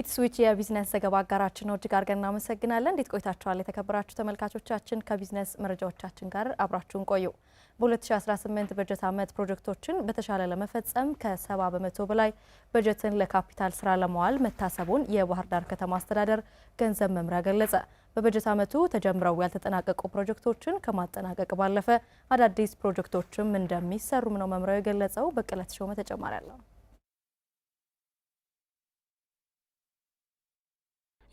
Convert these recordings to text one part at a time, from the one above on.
ኢትስዊች የቢዝነስ ዘገባ አጋራችን ነው። እጅግ አድርገን እናመሰግናለን። እንዴት ቆይታችኋል? የተከበራችሁ ተመልካቾቻችን ከቢዝነስ መረጃዎቻችን ጋር አብራችሁን ቆዩ። በ2018 በጀት ዓመት ፕሮጀክቶችን በተሻለ ለመፈጸም ከ70 በመቶ በላይ በጀትን ለካፒታል ስራ ለመዋል መታሰቡን የባህር ዳር ከተማ አስተዳደር ገንዘብ መምሪያ ገለጸ። በበጀት ዓመቱ ተጀምረው ያልተጠናቀቁ ፕሮጀክቶችን ከማጠናቀቅ ባለፈ አዳዲስ ፕሮጀክቶችም እንደሚሰሩም ነው መምሪያው የገለጸው። በቅለት ሾመ ተጨማሪ አለው።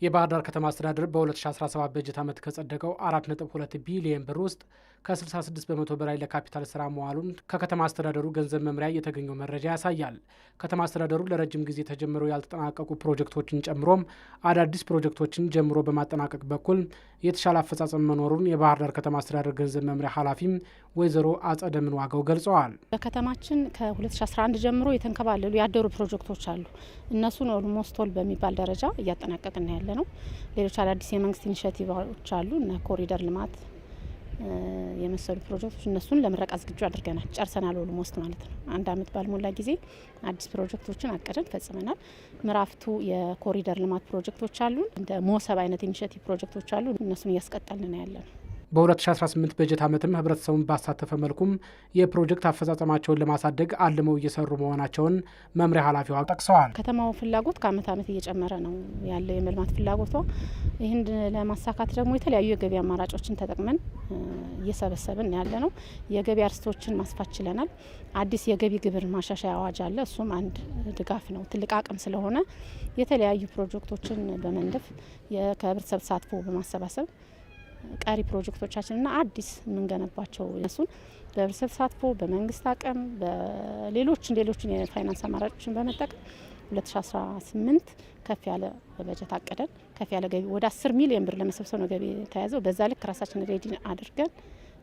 የባህር ዳር ከተማ አስተዳደር በ2017 በጀት ዓመት ከጸደቀው 4.2 ቢሊየን ብር ውስጥ ከ66 በመቶ በላይ ለካፒታል ስራ መዋሉን ከከተማ አስተዳደሩ ገንዘብ መምሪያ የተገኘው መረጃ ያሳያል። ከተማ አስተዳደሩ ለረጅም ጊዜ ተጀምረው ያልተጠናቀቁ ፕሮጀክቶችን ጨምሮም አዳዲስ ፕሮጀክቶችን ጀምሮ በማጠናቀቅ በኩል የተሻለ አፈጻጸም መኖሩን የባህር ዳር ከተማ አስተዳደር ገንዘብ መምሪያ ኃላፊም ወይዘሮ አጸደምን ዋጋው ገልጸዋል። በከተማችን ከ2011 ጀምሮ የተንከባለሉ ያደሩ ፕሮጀክቶች አሉ። እነሱን ኦልሞስት ኦል በሚባል ደረጃ እያጠናቀቅና ያለ ነው። ሌሎች አዳዲስ የመንግስት ኢኒሽቲቮች አሉ። እነ ኮሪደር ልማት የመሰሉ ፕሮጀክቶች እነሱን ለምረቃ ዝግጁ አድርገናል። ጨርሰናል፣ ኦልሞስት ማለት ነው። አንድ አመት ባልሞላ ጊዜ አዲስ ፕሮጀክቶችን አቀደን ፈጽመናል። ምራፍቱ የኮሪደር ልማት ፕሮጀክቶች አሉን። እንደ ሞሰብ አይነት ኢኒሽቲቭ ፕሮጀክቶች አሉ። እነሱን እያስቀጠልን ነው ያለ ነው። በ2018 በጀት ዓመትም ህብረተሰቡን ባሳተፈ መልኩም የፕሮጀክት አፈጻጸማቸውን ለማሳደግ አልመው እየሰሩ መሆናቸውን መምሪያ ኃላፊዋ ጠቅሰዋል። ከተማው ፍላጎት ከአመት ዓመት እየጨመረ ነው ያለው የመልማት ፍላጎቷ። ይህን ለማሳካት ደግሞ የተለያዩ የገቢ አማራጮችን ተጠቅመን እየሰበሰብን ያለ ነው። የገቢ አርስቶችን ማስፋት ችለናል። አዲስ የገቢ ግብር ማሻሻያ አዋጅ አለ። እሱም አንድ ድጋፍ ነው። ትልቅ አቅም ስለሆነ የተለያዩ ፕሮጀክቶችን በመንደፍ ከህብረተሰብ ተሳትፎ በማሰባሰብ ቀሪ ፕሮጀክቶቻችንና አዲስ የምንገነባቸው እነሱን በህብረተሰብ ተሳትፎ በመንግስት አቅም በሌሎችን ሌሎችን የፋይናንስ አማራጮችን በመጠቀም 2018 ከፍ ያለ በጀት አቅደን ከፍ ያለ ገቢ ወደ 10 ሚሊዮን ብር ለመሰብሰብ ነው ገቢ ተያዘው። በዛ ልክ ራሳችን ሬዲ አድርገን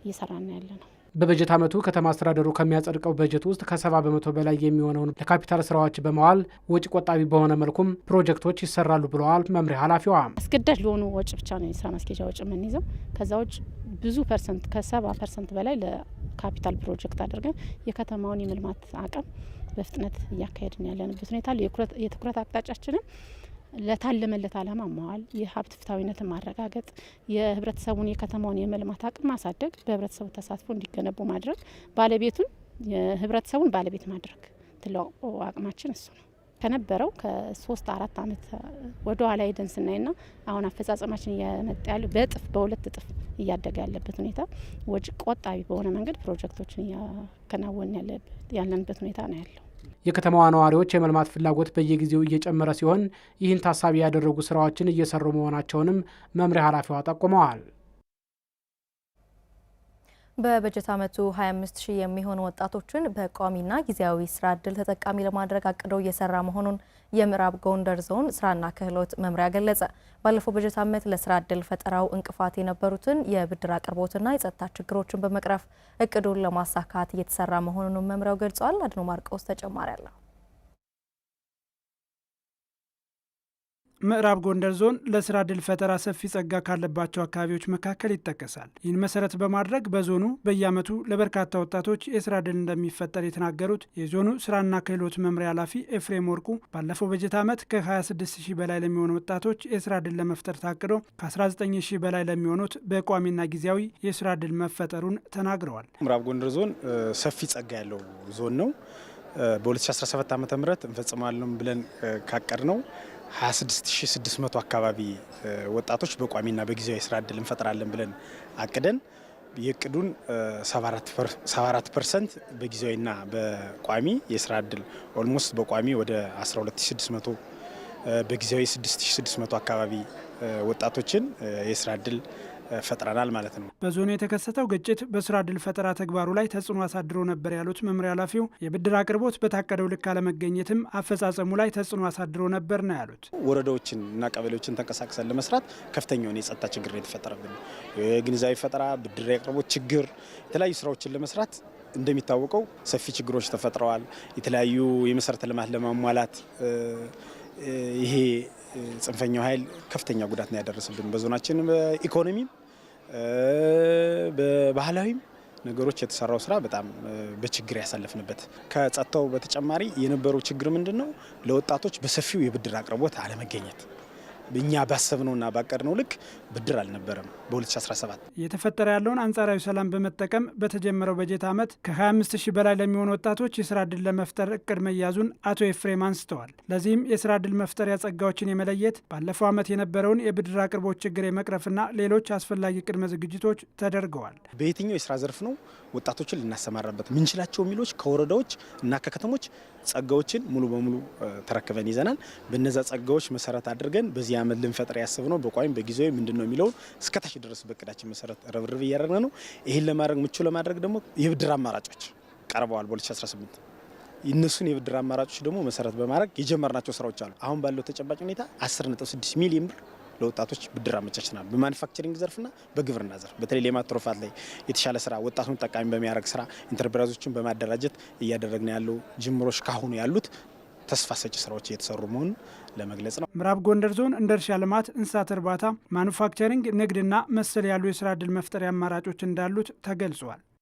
እየሰራን ያለ ነው። በበጀት ዓመቱ ከተማ አስተዳደሩ ከሚያጸድቀው በጀት ውስጥ ከሰባ በመቶ በላይ የሚሆነውን ለካፒታል ስራዎች በመዋል ወጪ ቆጣቢ በሆነ መልኩም ፕሮጀክቶች ይሰራሉ ብለዋል መምሪያ ኃላፊዋ። አስገዳጅ ለሆኑ ወጪ ብቻ ነው የስራ ማስኬጃ ወጪ የምንይዘው። ከዛ ውጭ ብዙ ፐርሰንት ከሰባ ፐርሰንት በላይ ለካፒታል ፕሮጀክት አድርገን የከተማውን የመልማት አቅም በፍጥነት እያካሄድን ያለንበት ሁኔታ የትኩረት አቅጣጫችንም ለታለመለት አላማ መዋል፣ የሀብት ፍትሐዊነትን ማረጋገጥ፣ የህብረተሰቡን የከተማውን የመልማት አቅም ማሳደግ፣ በህብረተሰቡ ተሳትፎ እንዲገነቡ ማድረግ፣ ባለቤቱን ህብረተሰቡን ባለቤት ማድረግ ትልቁ አቅማችን እሱ ነው። ከነበረው ከሶስት አራት ዓመት ወደ ኋላ ሄደን ስናይና አሁን አፈጻጸማችን እየመጣ ያለ በእጥፍ በሁለት እጥፍ እያደገ ያለበት ሁኔታ ወጪ ቆጣቢ በሆነ መንገድ ፕሮጀክቶችን እያከናወን ያለንበት ሁኔታ ነው ያለው። የከተማዋ ነዋሪዎች የመልማት ፍላጎት በየጊዜው እየጨመረ ሲሆን ይህን ታሳቢ ያደረጉ ስራዎችን እየሰሩ መሆናቸውንም መምሪያ ኃላፊዋ ጠቁመዋል። በበጀት ዓመቱ 25 ሺህ የሚሆኑ ወጣቶችን በቋሚና ጊዜያዊ ስራ እድል ተጠቃሚ ለማድረግ አቅዶ እየሰራ መሆኑን የምዕራብ ጎንደር ዞን ስራና ክህሎት መምሪያ ገለጸ። ባለፈው በጀት ዓመት ለስራ እድል ፈጠራው እንቅፋት የነበሩትን የብድር አቅርቦትና የጸጥታ ችግሮችን በመቅረፍ እቅዱን ለማሳካት እየተሰራ መሆኑንም መምሪያው ገልጿል። አድኖ ማርቆስ ተጨማሪ አለው። ምዕራብ ጎንደር ዞን ለስራ ድል ፈጠራ ሰፊ ጸጋ ካለባቸው አካባቢዎች መካከል ይጠቀሳል። ይህን መሰረት በማድረግ በዞኑ በየአመቱ ለበርካታ ወጣቶች የስራ ድል እንደሚፈጠር የተናገሩት የዞኑ ስራና ክህሎት መምሪያ ኃላፊ ኤፍሬም ወርቁ ባለፈው በጀት ዓመት ከ26 ሺህ በላይ ለሚሆኑ ወጣቶች የስራ ድል ለመፍጠር ታቅዶ ከ19 ሺህ በላይ ለሚሆኑት በቋሚና ጊዜያዊ የስራ ድል መፈጠሩን ተናግረዋል። ምዕራብ ጎንደር ዞን ሰፊ ጸጋ ያለው ዞን ነው። በ2017 ዓ ም እንፈጽማለን ብለን ካቀድ ነው 26600 አካባቢ ወጣቶች በቋሚና በጊዜያዊ ስራ እድል እንፈጥራለን ብለን አቅደን የቅዱን 74 ፐርሰንት በጊዜያዊና በቋሚ የስራ እድል ኦልሞስት በቋሚ ወደ 12600 በጊዜያዊ 6600 አካባቢ ወጣቶችን የስራ እድል ፈጥረናል ማለት ነው። በዞኑ የተከሰተው ግጭት በስራ ድል ፈጠራ ተግባሩ ላይ ተጽዕኖ አሳድሮ ነበር ያሉት መምሪያ ኃላፊው የብድር አቅርቦት በታቀደው ልክ አለመገኘትም አፈጻጸሙ ላይ ተጽዕኖ አሳድሮ ነበር ነው ያሉት። ወረዳዎችን እና ቀበሌዎችን ተንቀሳቅሰን ለመስራት ከፍተኛውን የጸጥታ ችግር የተፈጠረብን። የግንዛቤ ፈጠራ፣ ብድር አቅርቦት ችግር፣ የተለያዩ ስራዎችን ለመስራት እንደሚታወቀው ሰፊ ችግሮች ተፈጥረዋል። የተለያዩ የመሰረተ ልማት ለማሟላት ይሄ ጽንፈኛው ኃይል ከፍተኛ ጉዳት ነው ያደረሰብን በዞናችን በኢኮኖሚም በባህላዊም ነገሮች የተሰራው ስራ በጣም በችግር ያሳለፍንበት ከጸጥታው በተጨማሪ የነበረው ችግር ምንድን ነው? ለወጣቶች በሰፊው የብድር አቅርቦት አለመገኘት እኛ ባሰብነውና ባቀድነው ልክ ብድር አልነበረም። በ2017 እየተፈጠረ ያለውን አንጻራዊ ሰላም በመጠቀም በተጀመረው በጀት ዓመት ከ25 ሺህ በላይ ለሚሆኑ ወጣቶች የስራ እድል ለመፍጠር እቅድ መያዙን አቶ ኤፍሬም አንስተዋል። ለዚህም የስራ እድል መፍጠሪያ ጸጋዎችን የመለየት ባለፈው ዓመት የነበረውን የብድር አቅርቦት ችግር የመቅረፍና ሌሎች አስፈላጊ ቅድመ ዝግጅቶች ተደርገዋል። በየትኛው የስራ ዘርፍ ነው ወጣቶችን ልናሰማራበት ምንችላቸው የሚሎች ከወረዳዎች እና ከከተሞች ጸጋዎችን ሙሉ በሙሉ ተረክበን ይዘናል። በነዛ ጸጋዎች መሰረት አድርገን በዚህ ዓመት ልንፈጥር ያሰብነው በቋሚ በጊዜያዊ ምንድን ነው የሚለውን እስከታች ድረስ በቅዳችን መሰረት ረብርብ እያደረግን ነው። ይህን ለማድረግ ምቹ ለማድረግ ደግሞ የብድር አማራጮች ቀርበዋል በ2018 እነሱን የብድር አማራጮች ደግሞ መሰረት በማድረግ የጀመርናቸው ስራዎች አሉ። አሁን ባለው ተጨባጭ ሁኔታ 10.6 ሚሊዮን ብር ለወጣቶች ብድር አመቻችናል። በማኒፋክቸሪንግ ዘርፍና በግብርና ዘርፍ በተለይ ሌማት ትሩፋት ላይ የተሻለ ስራ ወጣቱን ጠቃሚ በሚያደርግ ስራ ኢንተርፕራይዞችን በማደራጀት እያደረግን ያለው ጅምሮች ካሁኑ ያሉት ተስፋ ሰጪ ስራዎች እየተሰሩ መሆኑን ለመግለጽ ነው። ምዕራብ ጎንደር ዞን እንደ እርሻ ልማት፣ እንስሳት እርባታ፣ ማኑፋክቸሪንግ፣ ንግድና መሰል ያሉ የስራ እድል መፍጠሪያ አማራጮች እንዳሉት ተገልጿል።